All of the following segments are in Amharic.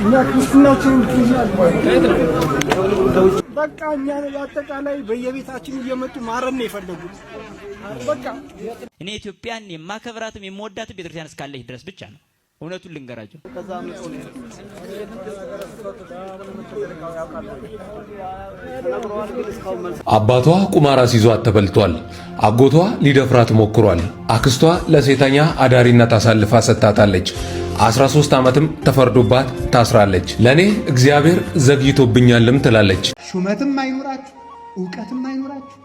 እኛ ክርስትናችን በቃ እኛ አጠቃላይ በየቤታችን እየመጡ ማረም ነው የፈለጉት። በቃ እኔ ኢትዮጵያን የማከብራትም የምወዳትም ቤተክርስቲያን እስካለች ድረስ ብቻ ነው። እውነቱን ልንገራቸው። አባቷ ቁማራ ሲዟት ተበልቷል። አጎቷ ሊደፍራት ሞክሯል። አክስቷ ለሴተኛ አዳሪነት አሳልፋ ሰጥታታለች። 13 ዓመትም ተፈርዶባት ታስራለች። ለእኔ እግዚአብሔር ዘግይቶብኛልም ትላለች። ሹመትም አይኖራችሁ፣ እውቀትም አይኖራችሁ፣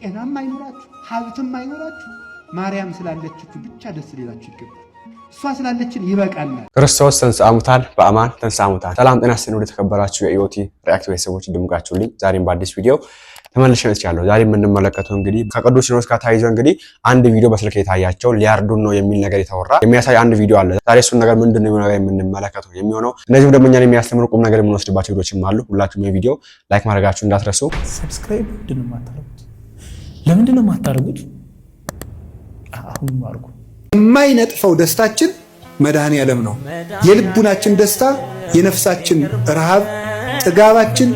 ጤናም አይኖራችሁ፣ ሀብትም አይኖራችሁ፣ ማርያም ስላለችሁ ብቻ ደስ ሌላችሁ ይገባል። እሷ ስላለችን ይበቃል። ክርስቶስ ተንሥአ እሙታን በአማን ተንሥአ እሙታን። ሰላም ጤና ስጥልን። ወደ የኢኦቲ ሪአክት ቤተሰቦች ድምቃችሁልኝ ዛሬም በአዲስ ቪዲዮ ተመልሼ መጥቻለሁ። ዛሬ የምንመለከተው እንግዲህ ከቅዱስ ሲኖዶስ ጋር ተያይዞ እንግዲህ አንድ ቪዲዮ በስልክ የታያቸው ሊያርዱን ነው የሚል ነገር የተወራ የሚያሳይ አንድ ቪዲዮ አለ። ዛሬ እሱን ነገር ምንድን ነው ነገር የምንመለከተው የሚሆነው። እነዚህም ደግሞ እኛን የሚያስተምሩ ቁም ነገር የምንወስድባቸው ቪዲዮችም አሉ። ሁላችሁም የቪዲዮ ላይክ ማድረጋችሁ እንዳትረሱ። ሰብስክራይብ ምንድን ነው የማታደርጉት? ለምንድን ነው የማታደርጉት? አሁን የማይነጥፈው ደስታችን መድኃኔ ዓለም ነው። የልቡናችን ደስታ፣ የነፍሳችን ረሃብ፣ ጥጋባችን፣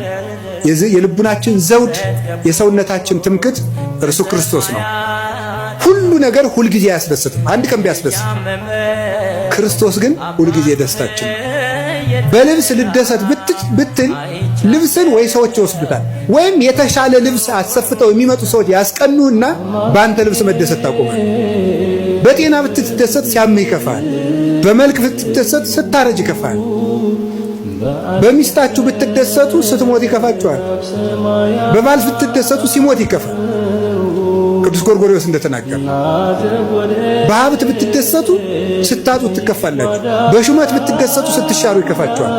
የልቡናችን ዘውድ፣ የሰውነታችን ትምክት እርሱ ክርስቶስ ነው። ሁሉ ነገር ሁልጊዜ አያስደስትም። አንድ ቀን ቢያስደስት፣ ክርስቶስ ግን ሁልጊዜ ደስታችን በልብስ ልደሰት ብትል ልብስን ወይ ሰዎች ይወስዱታል፣ ወይም የተሻለ ልብስ አሰፍተው የሚመጡ ሰዎች ያስቀኑና በአንተ ልብስ መደሰት ታቆማል። በጤና ብትደሰት ሲያም ይከፋል። በመልክ ብትደሰት ስታረጅ ይከፋል። በሚስታችሁ ብትደሰቱ ስትሞት ይከፋችኋል። በባል ብትደሰቱ ሲሞት ይከፋል። ቅዱስ ጎርጎሪዎስ እንደተናገረ በሀብት ብትደሰቱ ስታጡ ትከፋላችሁ። በሹመት ብትደሰቱ ስትሻሩ ይከፋችኋል።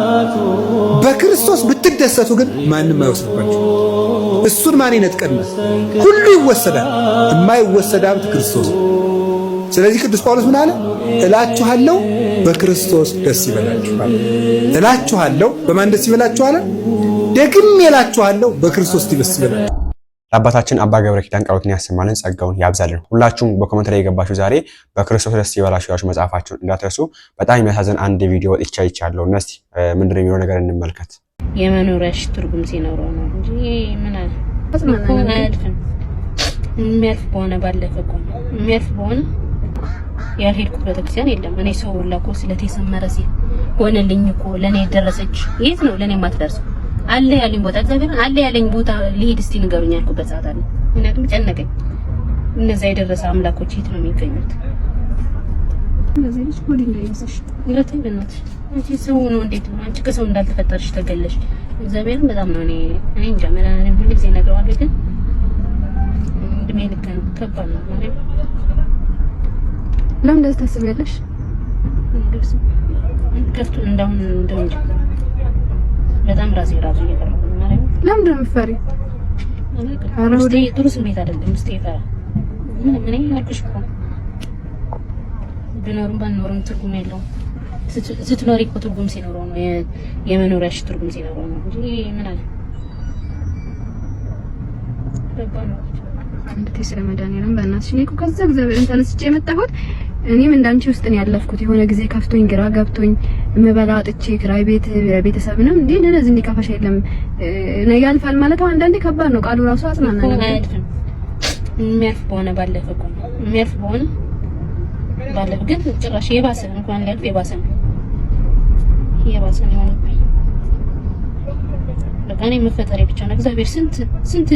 በክርስቶስ ብትደሰቱ ግን ማንም አይወስድባችሁ። እሱን ማን ይነጥቀናል? ሁሉ ይወሰዳል። የማይወሰድ ሀብት ክርስቶስ ስለዚህ ቅዱስ ጳውሎስ ምን አለ? እላችኋለሁ በክርስቶስ ደስ ይበላችኋል። እላችኋለሁ በማን ደስ ይበላችኋል? ደግም እላችኋለሁ በክርስቶስ ደስ ይበላችኋል። አባታችን አባ ገብረ ኪዳን ቃሎትን ያሰማልን፣ ጸጋውን ያብዛልን። ሁላችሁም በኮመንት ላይ የገባችሁ ዛሬ በክርስቶስ ደስ ይበላችሁ ያላችሁ መጽሐፋችሁን እንዳትረሱ። በጣም የሚያሳዝን አንድ ቪዲዮ ወጥቻ ይቻለሁ። እነስ ምንድን የሚለው ነገር እንመልከት። የመኖሪያሽ ትርጉም ሲኖረው ነው እንጂ ምን አለ የሚያልፍ በሆነ ባለፈ ቆም የሚያልፍ በሆነ ያልሄድኩ ቤተክርስቲያን የለም። እኔ ሰው ለኮ ስለቴ ሰመረ ሲል ሆነልኝ እኮ ለኔ ደረሰች። የት ነው ለኔ የማትደርሰው? አለ ያለኝ ቦታ እግዚአብሔር አለ ያለኝ ቦታ ልሄድ እስቲ ንገሩኝ ያልኩበት ሰዓት አለ። ምክንያቱም ጨነቀኝ። እነዛ የደረሰ አምላኮች የት ነው የሚገኙት? ልጅ ሰው ነው እንዴት ነው አንቺ ከሰው እንዳልተፈጠርሽ ተገለሽ። እግዚአብሔርን በጣም ነው እኔ እኔ እንጃ ሁሉ ጊዜ እነግረዋለሁ፣ ግን እድሜ ልክ ነው። ከባድ ነው ማለት ለምን እንደዚህ ታስቢያለሽ? በጣም ራሴ ራሱ ለምንድን ነው የምትፈሪው? ጥሩ ስሜት አይደለም ውስጤ ይፈራ። ምን ያልኩሽ እኮ ብኖርም ባልኖርም ትርጉም የለውም። ስትኖሪ እኮ ትርጉም ሲኖረው ነው የመኖሪያሽ ትርጉም ሲኖረው ነው እንጂ ምን አለ እንዴት ስለ መድኃኒዓለም በእናትሽ ነው እኮ ከዛ እግዚአብሔርን ተነስቼ የመጣሁት። እኔም እንዳንቺ ውስጥ ነው ያለፍኩት። የሆነ ጊዜ ከፍቶኝ ግራ ገብቶኝ የምበላ አጥቼ ክራይ ቤት ቤተሰብ ነው እንዴ ለነዚህ እንዲከፋሽ የለም ነው ያልፋል ማለት አንዳንዴ ከባድ ነው ቃሉ ራሱ አጽናና ነው የሚያልፍ በሆነ ባለፈ እኮ የሚያልፍ በሆነ ባለፈ ግን ጭራሽ የባሰ እንኳን ሊያልፍ የባሰ ነው የባሰ ነው በቃ እኔ መፈጠሬ ብቻ ነው እግዚአብሔር ስንት ስንት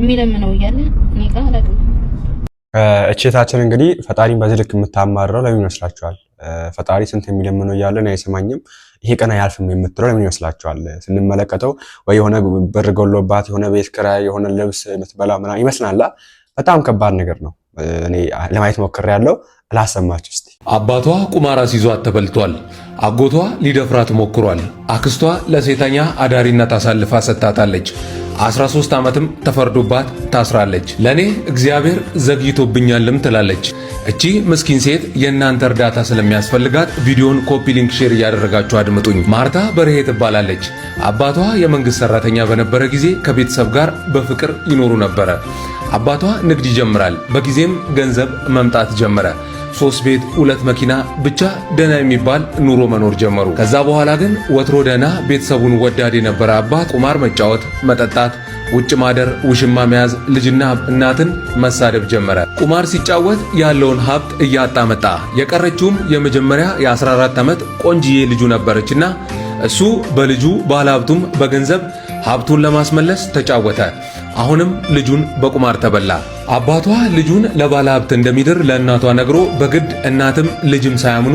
የሚለምነው እያለ እኔ ጋር አላውቅም። እቼታችን እንግዲህ ፈጣሪን በዚህ ልክ የምታማርረው ለምን ይመስላችኋል? ፈጣሪ ስንት የሚለምነው እያለን አይሰማኝም ይሄ ቀን አያልፍም የምትለው ለምን ይመስላችኋል? ስንመለከተው ወይ የሆነ ብር ጎሎባት የሆነ ቤት ኪራይ የሆነ ልብስ የምትበላ ምና ይመስላላ። በጣም ከባድ ነገር ነው። እኔ ለማየት ሞክሬያለሁ። ላሰማችሁ እስቲ። አባቷ ቁማር አስይዟት ተበልቷል። አጎቷ ሊደፍራት ሞክሯል። አክስቷ ለሴተኛ አዳሪነት አሳልፋ ሰጥታታለች። 13 ዓመትም ተፈርዶባት ታስራለች። ለእኔ እግዚአብሔር ዘግይቶብኛልም ትላለች። እቺ ምስኪን ሴት የእናንተ እርዳታ ስለሚያስፈልጋት ቪዲዮን ኮፒ፣ ሊንክ፣ ሼር እያደረጋችሁ አድምጡኝ። ማርታ በርሄ ትባላለች። አባቷ የመንግሥት ሠራተኛ በነበረ ጊዜ ከቤተሰብ ጋር በፍቅር ይኖሩ ነበረ። አባቷ ንግድ ይጀምራል። በጊዜም ገንዘብ መምጣት ጀመረ። ሶስት ቤት ሁለት መኪና ብቻ ደህና የሚባል ኑሮ መኖር ጀመሩ። ከዛ በኋላ ግን ወትሮ ደህና ቤተሰቡን ወዳድ የነበረ አባት ቁማር መጫወት፣ መጠጣት፣ ውጭ ማደር፣ ውሽማ መያዝ፣ ልጅና እናትን መሳደብ ጀመረ። ቁማር ሲጫወት ያለውን ሀብት እያጣ መጣ። የቀረችውም የመጀመሪያ የ14 ዓመት ቆንጅዬ ልጁ ነበረችና እሱ በልጁ ባለሀብቱም በገንዘብ ሀብቱን ለማስመለስ ተጫወተ። አሁንም ልጁን በቁማር ተበላ። አባቷ ልጁን ሀብት እንደሚድር ለእናቷ ነግሮ በግድ እናትም ልጅም ሳያምኑ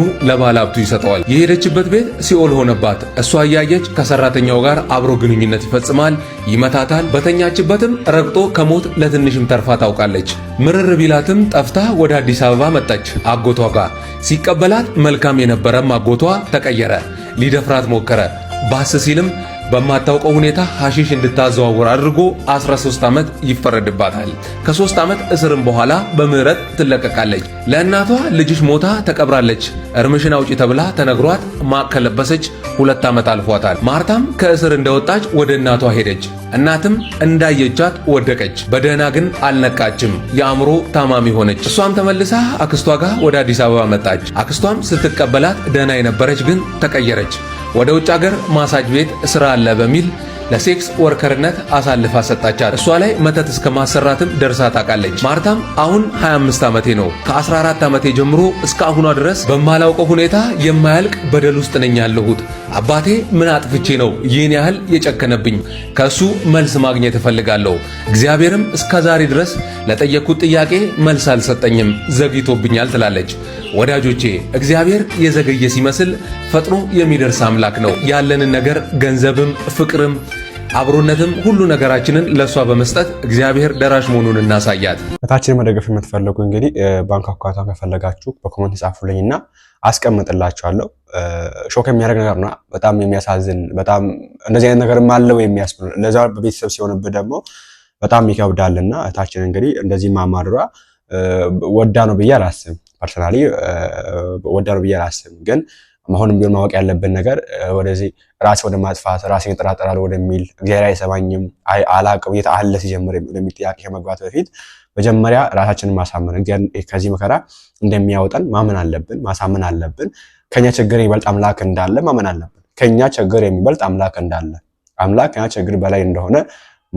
ሀብቱ ይሰጠዋል። የሄደችበት ቤት ሲኦል ሆነባት። እሷ እያየች ከሰራተኛው ጋር አብሮ ግንኙነት ይፈጽማል፣ ይመታታል። በተኛችበትም ረግጦ ከሞት ለትንሽም ተርፋ ታውቃለች። ምርር ቢላትም ጠፍታ ወደ አዲስ አበባ መጣች አጎቷ ጋር። ሲቀበላት መልካም የነበረም አጎቷ ተቀየረ። ሊደፍራት ሞከረ። ባስ ሲልም በማታውቀው ሁኔታ ሐሺሽ እንድታዘዋውር አድርጎ 13 ዓመት ይፈረድባታል። ከ3 ዓመት እስርም በኋላ በምህረት ትለቀቃለች። ለእናቷ ልጅሽ ሞታ ተቀብራለች፣ እርምሽን አውጪ ተብላ ተነግሯት ማቅ ከለበሰች ሁለት ዓመት አልፏታል። ማርታም ከእስር እንደወጣች ወደ እናቷ ሄደች። እናትም እንዳየቻት ወደቀች። በደህና ግን አልነቃችም። የአእምሮ ታማሚ ሆነች። እሷም ተመልሳ አክስቷ ጋር ወደ አዲስ አበባ መጣች። አክስቷም ስትቀበላት ደህና የነበረች ግን ተቀየረች። ወደ ውጭ ሀገር ማሳጅ ቤት ስራ አለ በሚል ለሴክስ ወርከርነት አሳልፋ ሰጣቻት። እሷ ላይ መተት እስከ ማሰራትም ደርሳ ታውቃለች። ማርታም አሁን 25 ዓመቴ ነው። ከ14 ዓመቴ ጀምሮ እስከ አሁኗ ድረስ በማላውቀው ሁኔታ የማያልቅ በደል ውስጥ ነኝ ያለሁት። አባቴ ምን አጥፍቼ ነው ይህን ያህል የጨከነብኝ? ከእሱ መልስ ማግኘት እፈልጋለሁ። እግዚአብሔርም እስከ ዛሬ ድረስ ለጠየቅኩት ጥያቄ መልስ አልሰጠኝም፣ ዘግይቶብኛል ትላለች። ወዳጆቼ እግዚአብሔር የዘገየ ሲመስል ፈጥኖ የሚደርስ አምላክ ነው። ያለንን ነገር ገንዘብም፣ ፍቅርም አብሮነትም ሁሉ ነገራችንን ለእሷ በመስጠት እግዚአብሔር ደራሽ መሆኑን እናሳያት። እታችን መደገፍ የምትፈልጉ እንግዲህ ባንክ አካውንቷን ከፈለጋችሁ በኮመንት ይጻፉልኝ እና አስቀምጥላችኋለሁ። ሾክ የሚያደርግ ነገር ነው። በጣም የሚያሳዝን በጣም እንደዚህ አይነት ነገርም አለው የሚያስብ ለዛ በቤተሰብ ሲሆንብህ ደግሞ በጣም ይከብዳል እና እታችን እንግዲህ እንደዚህ ማማድሯ ወዳ ነው ብዬ አላስብም። ፐርሰናሊ ወዳ ነው ብዬ አላስብም ግን አሁንም ቢሆን ማወቅ ያለብን ነገር ወደዚህ ራስ ወደ ማጥፋት ራሴን እጠራጠራለሁ ወደሚል እግዚአብሔር አይሰማኝም፣ አላቅም፣ የት አለ ሲጀምር ወደሚል ጥያቄ ከመግባት በፊት መጀመሪያ ራሳችንን ማሳመን ከዚህ መከራ እንደሚያወጣን ማመን አለብን፣ ማሳመን አለብን። ከኛ ችግር የሚበልጥ አምላክ እንዳለ ማመን አለብን። ከኛ ችግር የሚበልጥ አምላክ እንዳለ አምላክ ከኛ ችግር በላይ እንደሆነ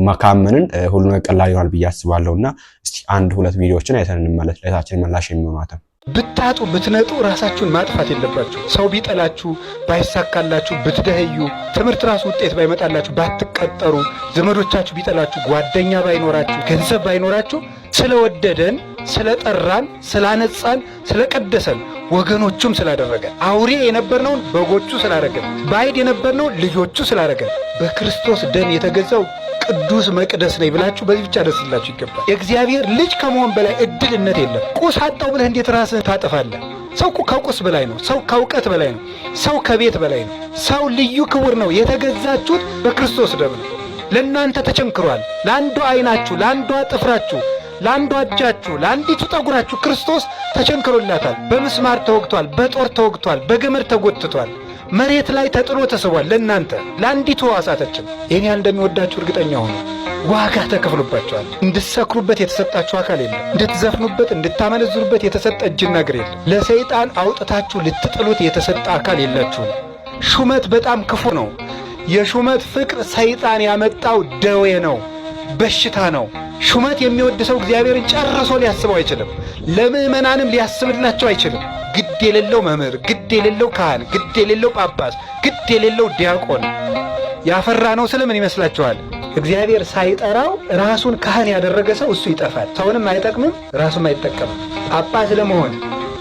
መካመንን ሁሉ ቀላል ይሆናል ብዬ አስባለሁ። እና እስቲ አንድ ሁለት ቪዲዮዎችን አይተን እንመለስ ለታችን መላሽ የሚሆናትን ብታጡ ብትነጡ ራሳችሁን ማጥፋት የለባችሁ። ሰው ቢጠላችሁ፣ ባይሳካላችሁ፣ ብትደህዩ፣ ትምህርት ራሱ ውጤት ባይመጣላችሁ፣ ባትቀጠሩ፣ ዘመዶቻችሁ ቢጠላችሁ፣ ጓደኛ ባይኖራችሁ፣ ገንዘብ ባይኖራችሁ፣ ስለወደደን፣ ስለጠራን፣ ስላነጻን፣ ስለቀደሰን ወገኖቹም ስላደረገን አውሬ የነበርነውን በጎቹ ስላደረገን ባዕድ የነበርነውን ልጆቹ ስላደረገን በክርስቶስ ደም የተገዛው ቅዱስ መቅደስ ነኝ ብላችሁ በዚህ ብቻ ደስ ላችሁ ይገባል። የእግዚአብሔር ልጅ ከመሆን በላይ እድልነት የለም። ቁስ አጣው ብለህ እንዴት ራስህን ታጠፋለህ? ሰው ከቁስ በላይ ነው። ሰው ከእውቀት በላይ ነው። ሰው ከቤት በላይ ነው። ሰው ልዩ ክቡር ነው። የተገዛችሁት በክርስቶስ ደም ነው። ለእናንተ ተቸንክሯል። ለአንዷ ዓይናችሁ፣ ለአንዷ ጥፍራችሁ፣ ለአንዷ እጃችሁ፣ ለአንዲቱ ጠጉራችሁ ክርስቶስ ተቸንክሮላታል። በምስማር ተወግቷል። በጦር ተወግቷል። በገመድ ተጎትቷል። መሬት ላይ ተጥሎ ተስቧል። ለእናንተ ለአንዲቱ ሕዋሳተችም የኔ እንደሚወዳችሁ እርግጠኛ ሆኑ። ዋጋ ተከፍሎባቸዋል። እንድትሰክሩበት የተሰጣችሁ አካል የለም። እንድትዘፍኑበት፣ እንድታመነዝሩበት የተሰጠ እጅን ነገር የለም። ለሰይጣን አውጥታችሁ ልትጥሉት የተሰጠ አካል የላችሁም። ሹመት በጣም ክፉ ነው። የሹመት ፍቅር ሰይጣን ያመጣው ደዌ ነው፣ በሽታ ነው። ሹመት የሚወድ ሰው እግዚአብሔርን ጨርሶ ሊያስበው አይችልም። ለምዕመናንም ሊያስብላቸው አይችልም። ግድ የሌለው መምህር፣ ግድ ግድ የሌለው ካህን፣ ግድ የሌለው ጳጳስ፣ ግድ የሌለው ዲያቆን ያፈራ ነው ስለምን ይመስላችኋል? እግዚአብሔር ሳይጠራው ራሱን ካህን ያደረገ ሰው እሱ ይጠፋል። ሰውንም አይጠቅምም፣ ራሱም አይጠቀምም። ጳጳስ ለመሆን፣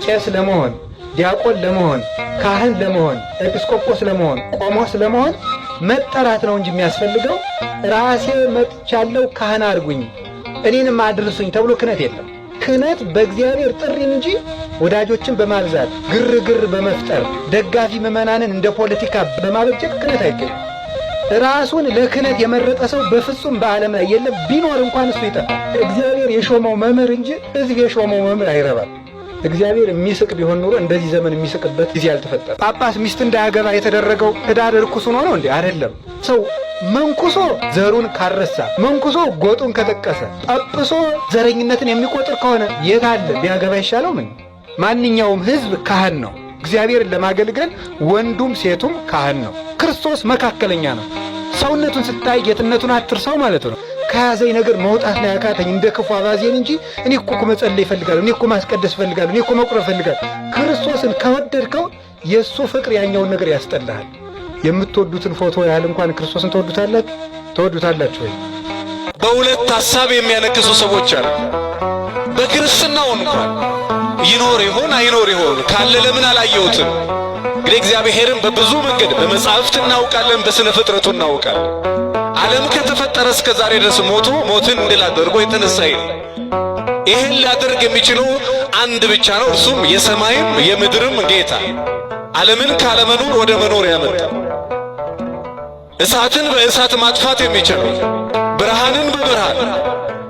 ቄስ ለመሆን፣ ዲያቆን ለመሆን፣ ካህን ለመሆን፣ ኤጲስቆጶስ ለመሆን፣ ቆሞስ ለመሆን መጠራት ነው እንጂ የሚያስፈልገው ራሴ መጥቻለሁ ካህን አድርጉኝ እኔንም አድርሱኝ ተብሎ ክነት የለም። ክህነት በእግዚአብሔር ጥሪ እንጂ ወዳጆችን በማብዛት ግርግር በመፍጠር ደጋፊ ምዕመናንን እንደ ፖለቲካ በማበጀት ክህነት አይገኝም። ራሱን ለክህነት የመረጠ ሰው በፍጹም በዓለም ላይ የለም። ቢኖር እንኳን እሱ ይጠፋል። እግዚአብሔር የሾመው መምህር እንጂ ሕዝብ የሾመው መምህር አይረባም። እግዚአብሔር የሚስቅ ቢሆን ኑሮ እንደዚህ ዘመን የሚስቅበት ጊዜ አልተፈጠረም። ጳጳስ ሚስት እንዳያገባ የተደረገው ዕዳ ርኩስ ሆኖ ነው እንዴ? አይደለም። ሰው መንኩሶ ዘሩን ካረሳ፣ መንኩሶ ጎጡን ከጠቀሰ፣ ጠብሶ ዘረኝነትን የሚቆጥር ከሆነ የት አለ ቢያገባ ይሻለው። ምን ማንኛውም ህዝብ ካህን ነው። እግዚአብሔርን ለማገልገል ወንዱም ሴቱም ካህን ነው። ክርስቶስ መካከለኛ ነው። ሰውነቱን ስታይ ጌትነቱን አትርሳው ማለት ነው። ከያዘኝ ነገር መውጣት ላይ አካተኝ እንደ ክፉ አባዜን እንጂ እኔ እኮ መጸለይ ይፈልጋሉ፣ እኔ እኮ ማስቀደስ ይፈልጋሉ፣ እኔ እኮ መቁረብ እፈልጋለሁ። ክርስቶስን ከወደድከው የእሱ ፍቅር ያኛውን ነገር ያስጠላሃል። የምትወዱትን ፎቶ ያህል እንኳን ክርስቶስን ትወዱታላችሁ ትወዱታላችሁ ወይ? በሁለት ሐሳብ የሚያነክሱ ሰዎች አሉ። በክርስትናው እንኳን ይኖር ይሆን አይኖር ይሆን ካለ ለምን አላየሁትም? እንግዲህ እግዚአብሔርን በብዙ መንገድ በመጻሕፍት እናውቃለን፣ በሥነ ፍጥረቱ እናውቃለን። ዓለም ከተፈጠረ እስከ ዛሬ ድረስ ሞቶ ሞትን እንድላደርጎ አድርጎ ይል ይህን ሊያደርግ የሚችለው አንድ ብቻ ነው፣ እርሱም የሰማይም የምድርም ጌታ ዓለምን ካለመኖር ወደ መኖር ያመጣ እሳትን በእሳት ማጥፋት የሚችሉ ብርሃንን በብርሃን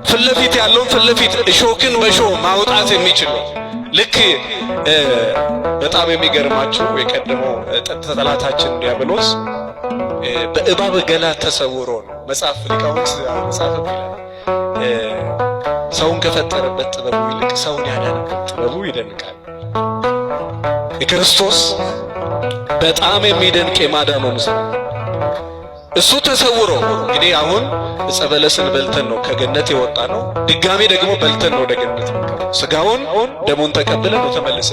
ፍለፊት ያለውን ፍለፊት እሾክን በእሾህ ማውጣት የሚችሉ ልክ በጣም የሚገርማችሁ የቀደመው ጠላታችን ዲያብሎስ በእባብ ገላ ተሰውሮ ነው። መጽሐፍ ሊቃውንት መጽሐፍ ሰውን ከፈጠረበት ጥበቡ ይልቅ ሰውን ያዳነበት ጥበቡ ይደንቃል። የክርስቶስ በጣም የሚደንቅ የማዳኑ ምስል እሱ ተሰውሮ እንግዲህ አሁን ዕፀ በለስን በልተን ነው ከገነት የወጣ ነው። ድጋሜ ደግሞ በልተን ነው ወደ ገነት ስጋውን ደሙን ተቀብለ ነው ተመልሰ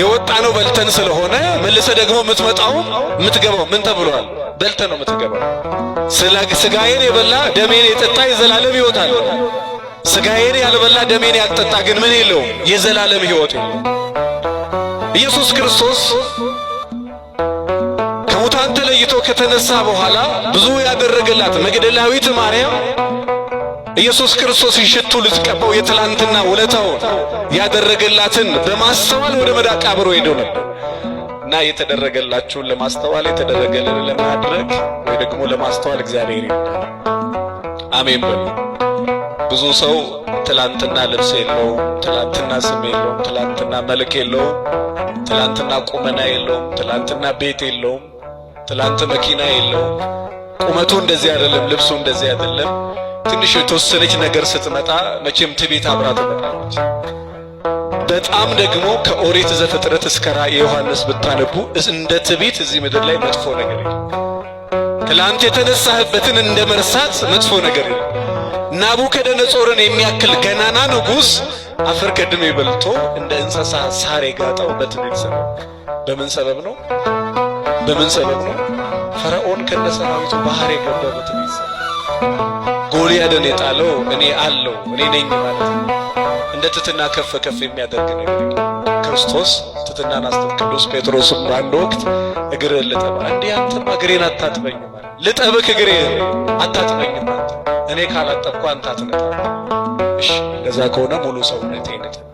የወጣ ነው በልተን ስለሆነ መልሰ ደግሞ የምትመጣው የምትገባው ምን ተብሏል? በልተ ነው የምትገባው። ስጋዬን የበላ ደሜን የጠጣ የዘላለም ይወጣል። ስጋዬን ያልበላ ደሜን ያልጠጣ ግን ምን የለውም የዘላለም ህይወት ኢየሱስ ክርስቶስ ከተነሳ በኋላ ብዙ ያደረገላት መግደላዊት ማርያም ኢየሱስ ክርስቶስ ሽቱ ልትቀባው የትላንትና ውለታውን ያደረገላትን በማስተዋል ወደ መዳቃብሮ ሄዶ ነው እና የተደረገላችሁን ለማስተዋል የተደረገልን ለማድረግ ወይ ደግሞ ለማስተዋል እግዚአብሔር ይርዳል። አሜን በሉ። ብዙ ሰው ትላንትና ልብስ የለውም፣ ትላንትና ስም የለውም፣ ትላንትና መልክ የለውም፣ ትላንትና ቁመና የለውም፣ ትላንትና ቤት የለውም ትላንት መኪና የለውም። ቁመቱ እንደዚህ አይደለም፣ ልብሱ እንደዚህ አይደለም። ትንሽ የተወሰነች ነገር ስትመጣ መቼም ትቤት አብራ ትመጣለች። በጣም ደግሞ ከኦሪት ዘፍጥረት እስከ ራእየ ዮሐንስ ብታነቡ እንደ ትቤት እዚህ ምድር ላይ መጥፎ ነገር የለም። ትላንት የተነሳህበትን እንደ መርሳት መጥፎ ነገር የለም። ናቡከደነጾርን የሚያክል ገናና ንጉሥ አፈር ቀድሜ በልቶ እንደ እንስሳ ሳር የጋጠው በትቤት በምን ሰበብ ነው? በምን በምንጸሎት ነው። ፈርዖን ከነሰራዊቱ ባህር የገባበት ጎልያድን የጣለው እኔ አለው እኔ ነኝ ማለት ነው። እንደ ትትና ከፍ ከፍ የሚያደርግ ነው ክርስቶስ ትትናን አስተው ቅዱስ ጴጥሮስም በአንድ ወቅት እግርህን ልጠባ እንዲህ አንተም እግሬን አታጥበኝ ልጠብክ እግሬን አታጥበኝ እኔ ካላጠብኩ አንተ አትነጣ። እሺ እንደዛ ከሆነ ሙሉ ሰውነቴ ይነጣል።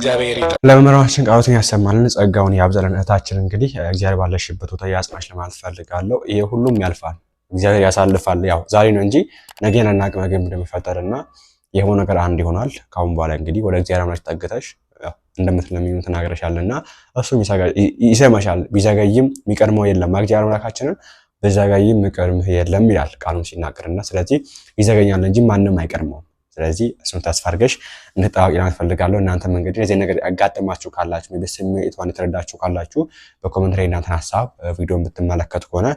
እግዚአብሔር ለመምህራችን ቃሉትን ያሰማልን ጸጋውን ያብዛልን። እህታችን እንግዲህ እግዚአብሔር ባለሽበት ቦታ ያጽናሽ ለማለት ፈልጋለሁ። ይሄ ሁሉም ያልፋል፣ እግዚአብሔር ያሳልፋል። ያው ዛሬ ነው እንጂ ነገን አናውቅም፣ ነገ እንደሚፈጠርና የሆነ ነገር አንድ ይሆናል። ካሁን በኋላ እንግዲህ ወደ እግዚአብሔር አምላክ ጠግተሽ እንደምትለምኙ ተናግረሻልና እሱ ይሰማሻል። ቢዘገይም የሚቀድመው የለም እግዚአብሔር አምላካችንን በዛጋይም የሚቀድምህ የለም ይላል ቃሉን ሲናገርና ስለዚህ ይዘገኛል እንጂ ማንም አይቀድመውም። ስለዚህ እሱን ተስፋ አድርገሽ እንድጠባቂ ለማለት ፈልጋለሁ። እናንተም እንግዲህ እዚህ ነገር ያጋጠማችሁ ካላችሁ ወይም ስሜቷን የተረዳችሁ ካላችሁ በኮመንት ላይ እናንተን ሀሳብ ቪዲዮ የምትመለከቱ ከሆነ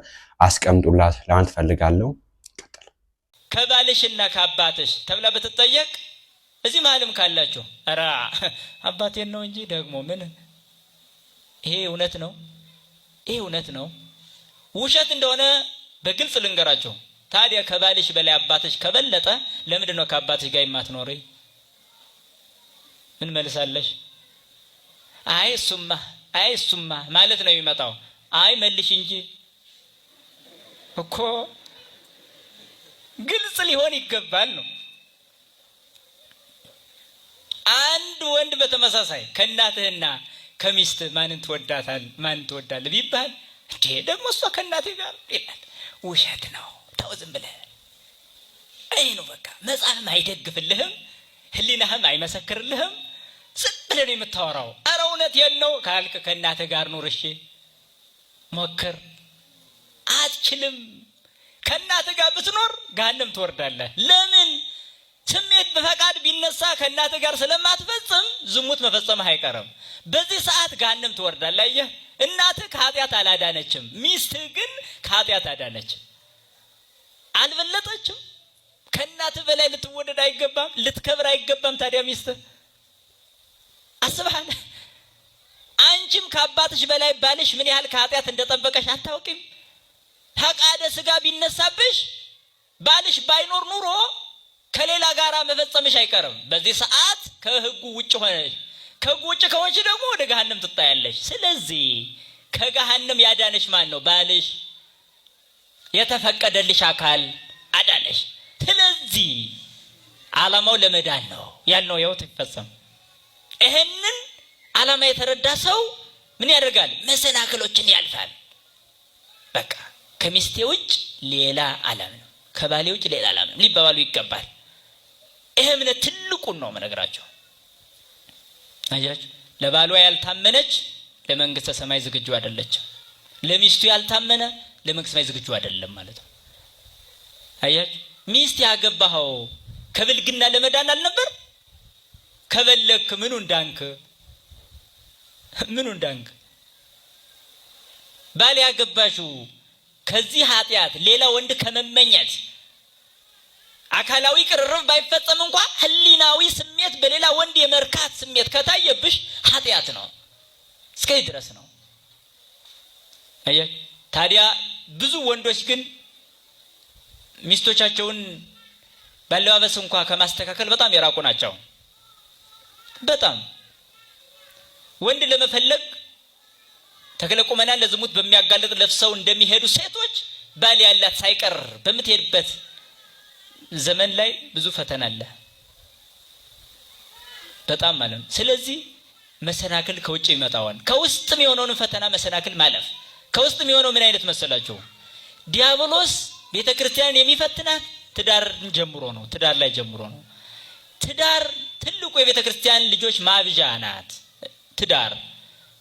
አስቀምጡላት ለማለት ፈልጋለሁ። ቀጥል። ከባልሽና ከአባትሽ ተብላ ብትጠየቅ እዚህ መሀልም ካላችሁ ኧረ አባቴን ነው እንጂ ደግሞ ምን ይሄ እውነት ነው፣ ይሄ እውነት ነው። ውሸት እንደሆነ በግልጽ ልንገራቸው። ታዲያ ከባልሽ በላይ አባትሽ ከበለጠ ለምንድን ነው ከአባትሽ ጋር የማትኖሪ? ምን መልሳለሽ? አይ እሱማ አይ እሱማ ማለት ነው የሚመጣው። አይ መልሽ እንጂ እኮ ግልጽ ሊሆን ይገባል ነው። አንድ ወንድ በተመሳሳይ ከእናትህና ከሚስት ማንን ትወዳታል ማንን ትወዳለህ ቢባል እንዴ ደግሞ እሷ ከእናትህ ጋር ይላል። ውሸት ነው። የምታው ዝም ብለህ አይኑ በቃ መጽሐፍም አይደግፍልህም፣ ህሊናህም አይመሰክርልህም። ዝም ብለህ ነው የምታወራው። አረ እውነት የለው ካልክ ከእናትህ ጋር ኑር። እሺ ሞክር። አትችልም። ከእናትህ ጋር ብትኖር ጋንም ትወርዳለህ። ለምን? ስሜት በፈቃድ ቢነሳ ከእናትህ ጋር ስለማትፈጽም ዝሙት መፈጸምህ አይቀርም። በዚህ ሰዓት ጋንም ትወርዳለህ። አየህ፣ እናትህ ከኃጢአት አላዳነችም፣ ሚስትህ ግን ከኃጢአት አዳነች። አልበለጠችም? ከእናት በላይ ልትወደድ አይገባም? ልትከብር አይገባም? ታዲያ ሚስት አስብሃል? አንቺም ከአባትሽ በላይ ባልሽ ምን ያህል ከኃጢአት እንደጠበቀሽ አታውቂም? ፈቃደ ስጋ ቢነሳብሽ ባልሽ ባይኖር ኑሮ ከሌላ ጋር መፈጸምሽ አይቀርም። በዚህ ሰዓት ከህጉ ውጭ ሆነሽ፣ ከህጉ ውጭ ከሆንሽ ደግሞ ወደ ገሃነም ትጣያለሽ። ስለዚህ ከገሃነም ያዳነሽ ማን ነው? ባልሽ የተፈቀደልሽ አካል አዳነሽ። ስለዚህ ዓላማው ለመዳን ነው ያልነው ያው ተፈጸመ። ይህንን ዓላማ የተረዳ ሰው ምን ያደርጋል? መሰናክሎችን ያልፋል። በቃ ከሚስቴ ውጭ ሌላ ዓለም ነው፣ ከባሌ ውጭ ሌላ ዓለም ነው ሊባባሉ ይገባል። ይህ እምነት ትልቁን ነው መነግራቸው። አያችሁ፣ ለባሏ ያልታመነች ለመንግስተ ሰማይ ዝግጁ አይደለችም። ለሚስቱ ያልታመነ ለመንግስት ላይ ዝግጁ አይደለም ማለት ነው። አያችሁ፣ ሚስት ያገባኸው ከብልግና ለመዳን አልነበር? ከበለክ ምኑ እንዳንክ ምኑ እንዳንክ። ባል ያገባሽው ከዚህ ኃጢአት ሌላ ወንድ ከመመኘት አካላዊ ቅርርብ ባይፈጸም እንኳ ህሊናዊ ስሜት በሌላ ወንድ የመርካት ስሜት ከታየብሽ ኃጢአት ነው። እስከዚህ ድረስ ነው። ታዲያ ብዙ ወንዶች ግን ሚስቶቻቸውን ባለባበስ እንኳ ከማስተካከል በጣም የራቁ ናቸው። በጣም ወንድ ለመፈለግ ተክለ ቁመናን ለዝሙት በሚያጋልጥ ለብሰው እንደሚሄዱ ሴቶች ባል ያላት ሳይቀር በምትሄድበት ዘመን ላይ ብዙ ፈተና አለ። በጣም ማለት ነው። ስለዚህ መሰናክል ከውጭ ይመጣዋል። ከውስጥም የሆነውን ፈተና መሰናክል ማለፍ ከውስጥ የሚሆነው ምን አይነት መሰላችሁ? ዲያብሎስ ቤተ ክርስቲያንን የሚፈትናት ትዳርን ጀምሮ ነው። ትዳር ላይ ጀምሮ ነው። ትዳር ትልቁ የቤተ ክርስቲያን ልጆች ማብዣ ናት። ትዳር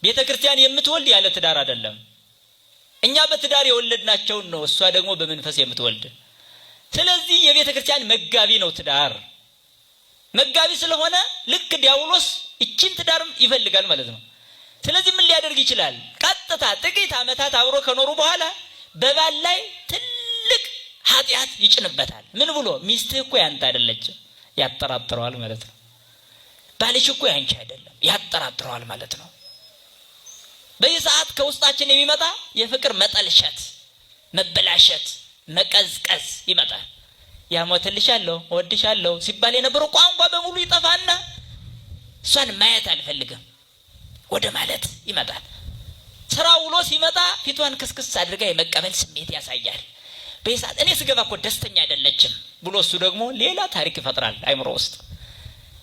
ቤተ ክርስቲያን የምትወልድ ያለ ትዳር አይደለም። እኛ በትዳር የወለድናቸውን ነው፣ እሷ ደግሞ በመንፈስ የምትወልድ። ስለዚህ የቤተ ክርስቲያን መጋቢ ነው ትዳር። መጋቢ ስለሆነ ልክ ዲያብሎስ ይችን ትዳርም ይፈልጋል ማለት ነው። ስለዚህ ምን ሊያደርግ ይችላል? ቀጥታ ጥቂት ዓመታት አብሮ ከኖሩ በኋላ በባል ላይ ትልቅ ኃጢአት ይጭንበታል። ምን ብሎ ሚስትህ እኮ ያንተ አይደለችም ያጠራጥረዋል ማለት ነው። ባልሽ እኮ ያንቺ አይደለም ያጠራጥረዋል ማለት ነው። በዚህ ሰዓት ከውስጣችን የሚመጣ የፍቅር መጠልሸት፣ መበላሸት፣ መቀዝቀዝ ይመጣል። ያሞትልሻለሁ፣ እወድሻለሁ ሲባል የነበረው ቋንቋ በሙሉ ይጠፋና እሷን ማየት አልፈልግም ወደ ማለት ይመጣል። ስራ ውሎ ሲመጣ ፊቷን ክስክስ አድርጋ የመቀበል ስሜት ያሳያል። በሳት እኔ ስገባ እኮ ደስተኛ አይደለችም ብሎ እሱ ደግሞ ሌላ ታሪክ ይፈጥራል አይምሮ ውስጥ።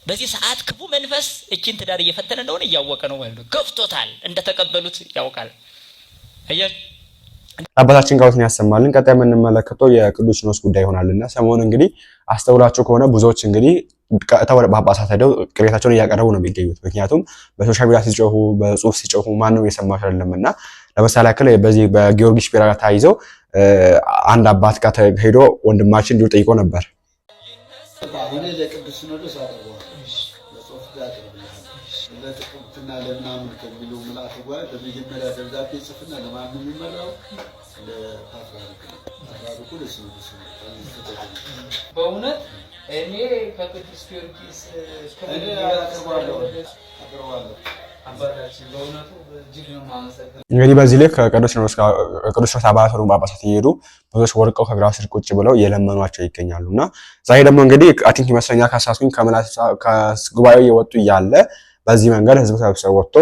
በዚህ ሰዓት ክፉ መንፈስ እችን ትዳር እየፈተነ እንደሆነ እያወቀ ነው ማለት ነው። ገፍቶታል፣ እንደተቀበሉት ያውቃል። አባታችን ቃሉትን ያሰማልን። ቀጣይ የምንመለከተው የቅዱስ ሲኖዶስ ጉዳይ ይሆናልና ሰሞኑን እንግዲህ አስተውላችሁ ከሆነ ብዙዎች እንግዲህ ቀጥታ ወደ ጳጳሳት ሄደው ቅሬታቸውን እያቀረቡ ነው የሚገኙት። ምክንያቱም በሶሻል ሚዲያ ሲጮሁ፣ በጽሁፍ ሲጮሁ ማንም የሰማሽ አይደለም እና ለምሳሌ ያክል በዚህ በጊዮርጊስ ቢራ ተያይዘው አንድ አባት ጋር ሄዶ ወንድማችን እንዲሁ ጠይቆ ነበር። ለጥቅምትና ለምናምን በመጀመሪያ ደብዳቤ ጽፍና የሚመራው? ለፓትርያርኩ። በእውነት እኔ ከቅዱስ ጊዮርጊስ እንግዲህ በዚህ ልክ ቅዱስ ዮርዳኖስ አባላት ሆኑ ጳጳሳት እየሄዱ ብዙዎች ወርቀው ከግራ ስር ቁጭ ብለው የለመኗቸው ይገኛሉ። እና ዛሬ ደግሞ እንግዲህ አቲንክ ይመስለኛል ካሳስኩኝ ከጉባኤው እየወጡ እያለ በዚህ መንገድ ህዝብ ሰብሰብ ወጥቶ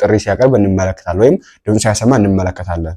ጥሪ ሲያቀርብ እንመለከታለን፣ ወይም ድምፅ ሲያሰማ እንመለከታለን።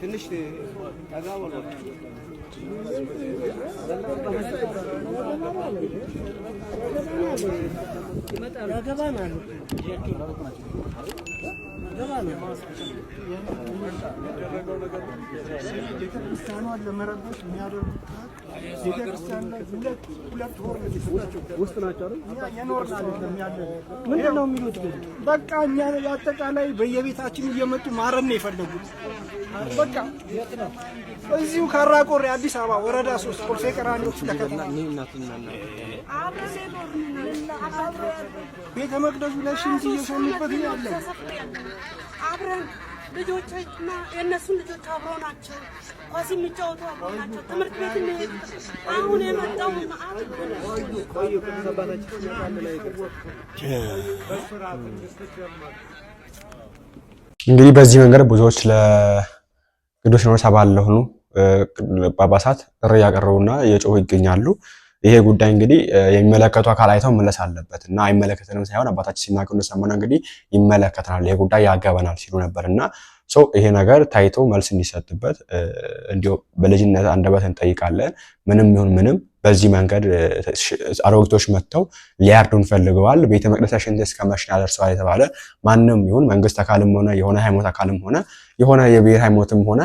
ትንሽ ጠጋ ብሎ ያገባናል። ቤተክርስቲያኗ ለመረበሽ የሚያደርጉት ቤተክርስቲያን ሁለት ሁለት ሆር ውስጥ ናቸው። የኖርን አይደለም ያለ ምንድን ነው የሚሉት? በቃ እኛ አጠቃላይ በየቤታችን እየመጡ ማረን ነው የፈለጉት። በቃ እዚሁ ካራቆሬ አዲስ አበባ ወረዳ ሶስት ቆርሴ ቀራኒዎች ቤተ መቅደሱ ላይ ሽንት እየሸኑበት ያለ አብረን ልጆችና የእነሱን ልጆች አብሮ ናቸው። ኳስ የሚጫወቱ አብሮ ናቸው። ትምህርት ቤት እንሄድ አሁን የመጣው እንግዲህ በዚህ መንገድ ብዙዎች ለቅዱስ ሲኖዶስ አባል ለሆኑ ጳጳሳት ጥሪ ያቀረቡና የጮሁ ይገኛሉ። ይሄ ጉዳይ እንግዲህ የሚመለከቱ አካል አይተው መለስ አለበት እና አይመለከተንም ሳይሆን አባታችን ሲናገሩ እንደሰማነው እንግዲህ ይመለከተናል፣ ይሄ ጉዳይ ያገበናል ሲሉ ነበር እና ሰው ይሄ ነገር ታይቶ መልስ እንዲሰጥበት እንዲሁ በልጅነት አንደበት እንጠይቃለን። ምንም ይሁን ምንም በዚህ መንገድ አሮጊቶች መጥተው ሊያርዱን ፈልገዋል፣ ቤተ መቅደስ ሽንት እስከ መሽና ደርሰዋል የተባለ ማንም ይሁን መንግስት አካልም ሆነ የሆነ ሃይሞት አካልም ሆነ የሆነ የብሔር ሃይሞትም ሆነ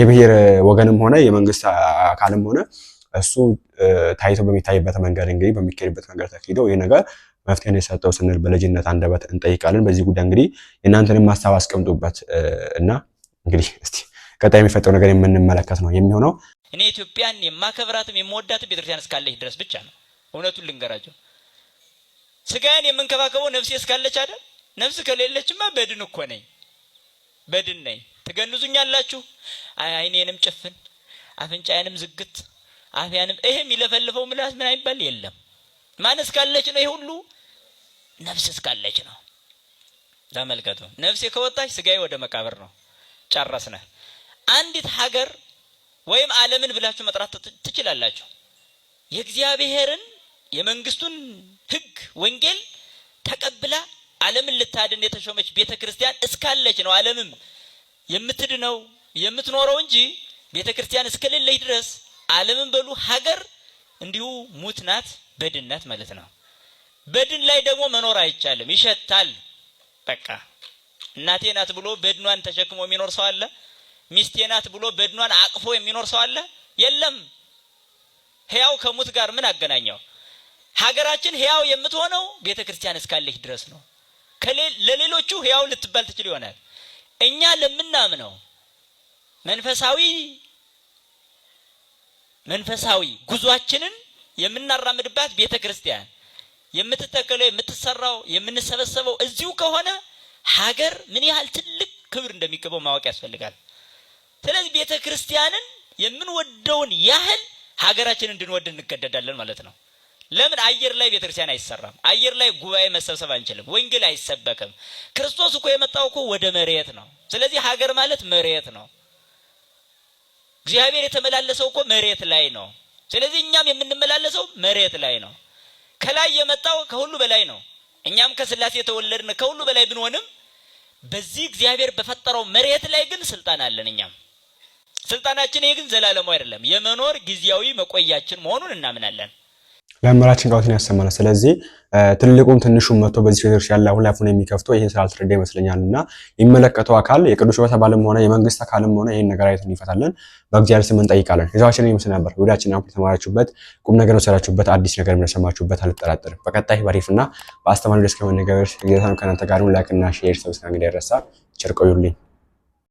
የብሔር ወገንም ሆነ የመንግስት አካልም ሆነ እሱ ታይቶ በሚታይበት መንገድ እንግዲህ በሚካሄድበት መንገድ ተካሂደው ይህ ነገር መፍትሄ የሰጠው ስንል በልጅነት አንደበት እንጠይቃለን። በዚህ ጉዳይ እንግዲህ የእናንተንም ሀሳብ አስቀምጡበት እና እንግዲህ እስቲ ቀጣይ የሚፈጠው ነገር የምንመለከት ነው የሚሆነው። እኔ ኢትዮጵያን የማከብራትም የምወዳትም ቤተክርስቲያን እስካለች ድረስ ብቻ ነው። እውነቱን ልንገራቸው፣ ስጋዬን የምንከባከበው ነፍሴ እስካለች አይደል? ነፍስ ከሌለችማ በድን እኮ ነኝ፣ በድን ነኝ። ትገንዙኛላችሁ። አይኔንም ጭፍን አፍንጫዬንም ዝግት አፍያንም ይሄም ይለፈልፈው ምላስ ምን አይባል የለም። ማን እስካለች ነው? ይሄ ሁሉ ነፍስ እስካለች ነው። ተመልከቱ። ነፍሴ ከወጣች ስጋዬ ወደ መቃብር ነው። ጨረስነ። አንዲት ሀገር ወይም ዓለምን ብላችሁ መጥራት ትችላላችሁ። የእግዚአብሔርን የመንግስቱን ህግ ወንጌል ተቀብላ ዓለምን ልታድን የተሾመች ቤተ ክርስቲያን እስካለች ነው ዓለምም የምትድነው የምትኖረው እንጂ ቤተ ክርስቲያን እስከሌለች ድረስ ዓለምን በሉ ሀገር እንዲሁ ሙት ናት፣ በድን ናት ማለት ነው። በድን ላይ ደግሞ መኖር አይቻልም፣ ይሸታል። በቃ እናቴ ናት ብሎ በድኗን ተሸክሞ የሚኖር ሰው አለ? ሚስቴ ናት ብሎ በድኗን አቅፎ የሚኖር ሰው አለ? የለም። ህያው ከሙት ጋር ምን አገናኘው? ሀገራችን ህያው የምትሆነው ቤተ ክርስቲያን እስካለች ድረስ ነው። ለሌሎቹ ህያው ልትባል ትችል ይሆናል። እኛ ለምናምነው መንፈሳዊ መንፈሳዊ ጉዟችንን የምናራምድባት ቤተ ክርስቲያን የምትተከለው የምትሰራው የምንሰበሰበው እዚሁ ከሆነ ሀገር ምን ያህል ትልቅ ክብር እንደሚገባው ማወቅ ያስፈልጋል። ስለዚህ ቤተ ክርስቲያንን የምንወደውን ያህል ሀገራችን እንድንወድ እንገደዳለን ማለት ነው። ለምን አየር ላይ ቤተ ክርስቲያን አይሰራም? አየር ላይ ጉባኤ መሰብሰብ አንችልም። ወንጌል አይሰበክም። ክርስቶስ እኮ የመጣው እኮ ወደ መሬት ነው። ስለዚህ ሀገር ማለት መሬት ነው። እግዚአብሔር የተመላለሰው እኮ መሬት ላይ ነው። ስለዚህ እኛም የምንመላለሰው መሬት ላይ ነው። ከላይ የመጣው ከሁሉ በላይ ነው። እኛም ከስላሴ የተወለድን ከሁሉ በላይ ብንሆንም በዚህ እግዚአብሔር በፈጠረው መሬት ላይ ግን ስልጣን አለን። እኛም ስልጣናችን ይህ ግን ዘላለሙ አይደለም፣ የመኖር ጊዜያዊ መቆያችን መሆኑን እናምናለን። ለአመራችን ቃውትን ያሰማናል። ስለዚህ ትልቁም ትንሹም መጥቶ በዚህ ቸርች ያለ አሁን ላይፉን የሚከፍተው ይህን ስላልተረዳ ይመስለኛል እና የሚመለከተው አካል የቅዱስ ቤተ ባለም ሆነ የመንግስት አካልም ሆነ ይህን ነገር አይተን ይፈታለን በእግዚአብሔር ስም እንጠይቃለን። የዛችን ይመስል ነበር ወዳችን አሁን የተማራችሁበት ቁም ነገር ወሰዳችሁበት አዲስ ነገር የምንሰማችሁበት አልጠራጠርም። በቀጣይ በሪፍ እና በአስተማሪ ደስ ከመነገበርስ እግዚአብሔር ከእናንተ ጋር ላይክና ሼር ሰብስክራይብ እንዲደርሳ ቸር ቆዩልኝ።